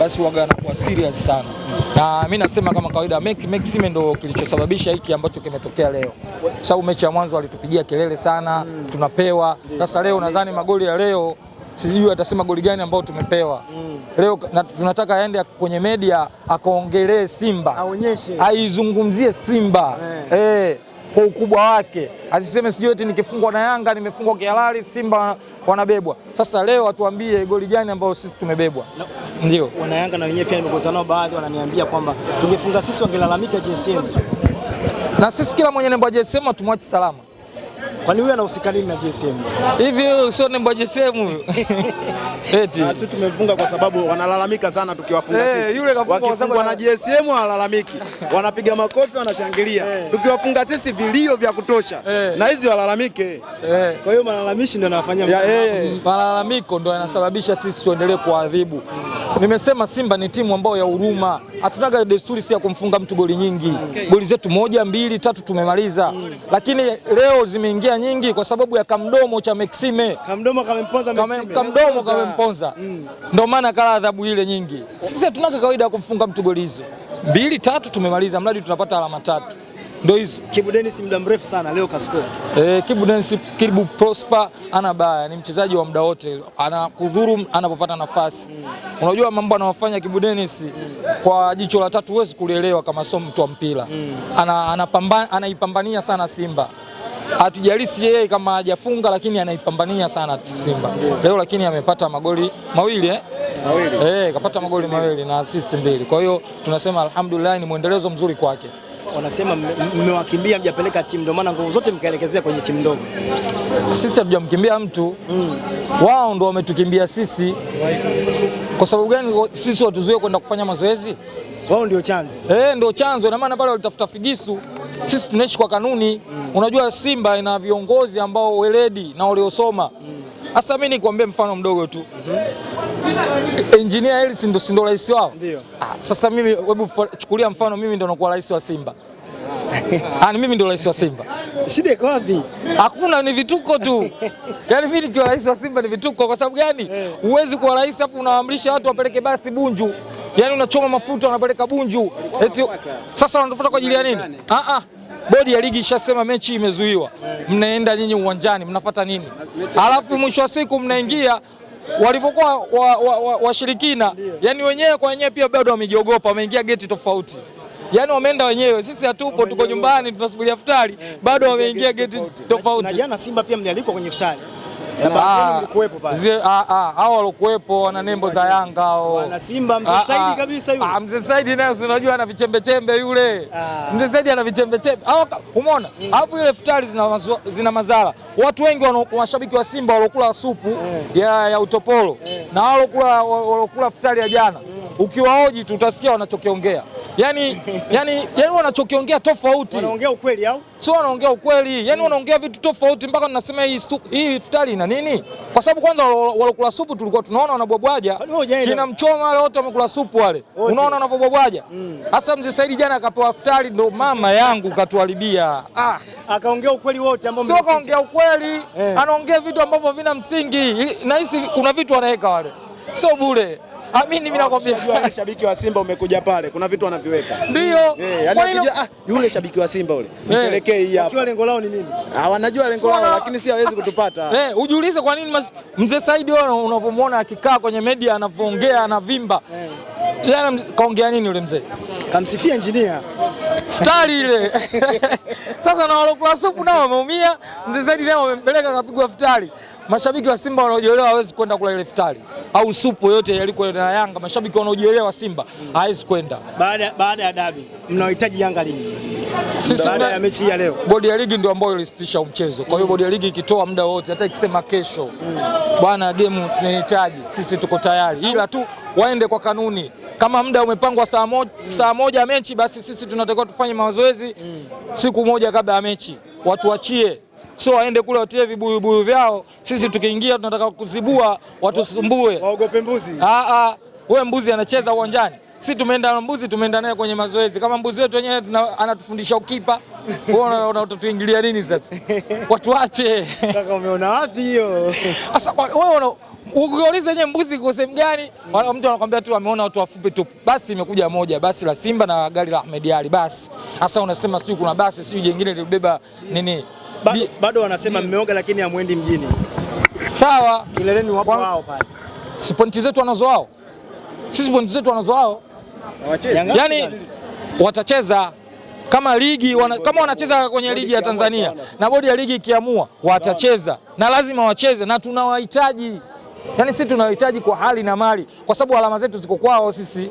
basi waga anakuwa serious sana, na mi nasema kama kawaida Maxime ndo kilichosababisha hiki ambacho kimetokea leo, kwa sababu mechi ya mwanzo alitupigia kelele sana, tunapewa sasa. Leo nadhani magoli ya leo sijui atasema goli gani ambao tumepewa mm. Leo na, tunataka aende kwenye media akaongelee Simba, aonyeshe aizungumzie Simba hey. Eh. Eh. Hey kwa ukubwa wake, asiseme sijui eti nikifungwa na Yanga nimefungwa kihalali, Simba wanabebwa. Sasa leo atuambie goli gani ambayo sisi tumebebwa. Ndio wana Yanga na wenyewe pia nimekutana nao, baadhi wananiambia kwamba tungefunga sisi wangelalamika JSM, na sisi kila mwenye nembo ya JSM tumwache salama. Kwani huyu anahusika nini na JSM? Hivi wewe sio nembo ya JSM huyo? Eti. Sisi tumefunga kwa sababu wanalalamika sana tukiwafunga hey, eh, sisi. Yule sababu na JSM wanalalamiki. Wanapiga makofi wanashangilia. Hey. Eh. Tukiwafunga sisi vilio vya kutosha. Hey. Eh. Na hizi walalamike. Hey. Kwa hiyo malalamishi ndio yanafanya hey. Malalamiko ndio yanasababisha sisi tuendelee kuadhibu. Nimesema Simba ni timu ambayo ya huruma hatunaga desturi si ya kumfunga mtu goli nyingi, goli zetu moja mbili tatu tumemaliza, lakini leo zimeingia nyingi kwa sababu ya kamdomo cha Maxime. Kamdomo kamemponza Maxime, kamdomo kamemponza, mm. ndio maana kala adhabu ile nyingi. Sisi hatunaga kawaida ya kumfunga mtu goli hizo mbili tatu, tumemaliza mradi tunapata alama tatu. Ndio hizo. Kibu Dennis muda mrefu sana leo kascore. Eh, Kibu Dennis, Kibu Prosper ana baya, ni mchezaji wa muda wote, anakudhuru anapopata nafasi mm. Unajua mambo anayofanya Kibu Dennis mm. Kwa jicho la tatu huwezi kulielewa kama sio mtu wa mpira mm. Ana, anaipambania sana Simba hatujalisi yeye kama hajafunga, lakini anaipambania sana Simba mm. leo, lakini amepata magoli mawili eh? Mawili. Eh, kapata magoli mawili na assist mbili, kwa hiyo tunasema alhamdulillah, ni mwendelezo mzuri kwake wanasema mmewakimbia mjapeleka timu, ndio maana nguvu zote mkaelekezea kwenye timu ndogo. Sisi hatujamkimbia mtu mm. Wao ndio wametukimbia sisi. Kwa sababu gani sisi watuzuie kwenda kufanya mazoezi? Wao ndio chanzo eh, ndio chanzo. Na maana pale walitafuta figisu. Sisi tunaishi kwa kanuni mm. Unajua Simba ina viongozi ambao weledi na waliosoma hasa mm. Mimi nikwambie mfano mdogo tu mm -hmm. Engineer Hersi ndo rais wao. Ndio. Ah, sasa mimi hebu chukulia mfano mimi ndo nakuwa rais wa Simba Yaani mimi ndio rais wa Simba. Shida iko wapi? Hakuna, ni vituko tu. Yaani mimi nikiwa rais wa Simba ni vituko. Kwa sababu gani? Eh. Huwezi kuwa rais afu unawaamrisha watu wapeleke basi Bunju. Yaani unachoma mafuta unapeleka Bunju. Eti sasa wanatufuata kwa ajili ya nini? Ah ah. Bodi ya ligi ishasema mechi imezuiwa, eh. mnaenda nyinyi uwanjani, mnafuata nini? alafu mwisho wa siku mnaingia walivyokuwa washirikina wa, wa, wa, yani wenyewe kwa wenyewe pia bado wamejiogopa, wameingia geti tofauti yani wameenda wenyewe, sisi hatupo, tuko nyumbani tunasubiria futari yeah. Bado wameingia geti tofauti. Na jana Simba pia mlialikwa kwenye futari ah. ah, ah, hao walokuwepo wana nembo za Yanga hao. Mzee Saidi naye unajua ana vichembechembe yule. Mzee Saidi ana vichembechembe. Umeona? hapo. Mm. ile futari zina madhara. Watu wengi washabiki wa Simba walokula supu eh. ya utopolo eh. na walokula futari ya jana, mm. ukiwaoji tu utasikia wanachokiongea yani, yani, yani wanachokiongea tofauti, wanaongea ukweli au sio? Wanaongea ukweli yani, wanaongea vitu tofauti, mpaka tunasema hii hii iftari ina nini? Kwa sababu kwanza walokula supu tulikuwa tunaona wanabwabwaja, kina mchoma wale wote wamekula supu wale, unaona wanavobwabwaja mm. hasa. Mzee Saidi jana akapewa iftari, ndo mama yangu katuharibia. Ah, akaongea ukweli wote ambao sio, kaongea ukweli eh. Anaongea vitu ambavyo vina msingi, nahisi kuna vitu wanaweka wale, sio bure. Amini mimi nakwambia. Yule shabiki wa Simba umekuja pale, kuna vitu anaviweka. Ndio. Eh, ah, yule shabiki wa Simba yule. Nipelekee eh. hii hapa. Lengo lao ni nini? Ah, wanajua lengo lao lakini si hawezi kutupata. Eh, ujiulize kwa nini mzee Said wao unavomwona akikaa kwenye media anavyoongea eh. anavimba. Jana yaani kaongea nini yule mzee? Kamsifia engineer. Futari ile. Sasa na wale kwa supu nao wameumia. Mzee Said nao wamempeleka akapigwa futari mashabiki wa Simba wanaojielewa hawezi kwenda kula ile iftari au supu yote yalikuwa na Yanga. Mashabiki wanaojielewa Simba hawezi kwenda. Baada baada ya dabi, mnahitaji Yanga lini? Sisi baada ya mechi ya leo, bodi ya ligi ndio ambayo ilisitisha mchezo. Kwa hiyo mm. bodi ya ligi ikitoa muda wote, hata ikisema kesho, mm. bwana game tunahitaji, sisi tuko tayari, ila tu waende kwa kanuni kama muda umepangwa saa moja, mm. saa moja mechi basi sisi tunatakiwa tufanye mazoezi mm. siku moja kabla ya mechi, watuachie sio waende kule watie vibuyubuyu vyao, sisi tukiingia tunataka kuzibua watusumbue, waogope mbuzi. Ah, ah, wewe mbuzi anacheza uwanjani, sisi tumeenda na mbuzi, tumeenda naye kwenye mazoezi. Kama mbuzi wetu wenyewe anatufundisha ukipa, utatuingilia nini sasa? Watu wache kaka, umeona wapi hiyo sasa? Wewe ukiuliza yenyewe mbuzi kwa sehemu gani? mm. mtu anakwambia tu ameona watu wafupi tu. Basi imekuja moja, basi la Simba na gari la Ahmed Ali. Basi sasa unasema sijui kuna basi sijui jingine lilibeba nini bado, bado wanasema mmeoga lakini hamwendi mjini. Sawa, kileleni wapo wao pale. Si pointi zetu wanazo wao, sisi pointi zetu wanazo wao. Yaani watacheza kama ligi wana, kama wanacheza kwenye ligi ya Tanzania na bodi ya ligi ikiamua watacheza na lazima wacheze, na tunawahitaji. Yaani sisi tunawahitaji kwa hali na mali, kwa sababu alama zetu ziko kwao sisi.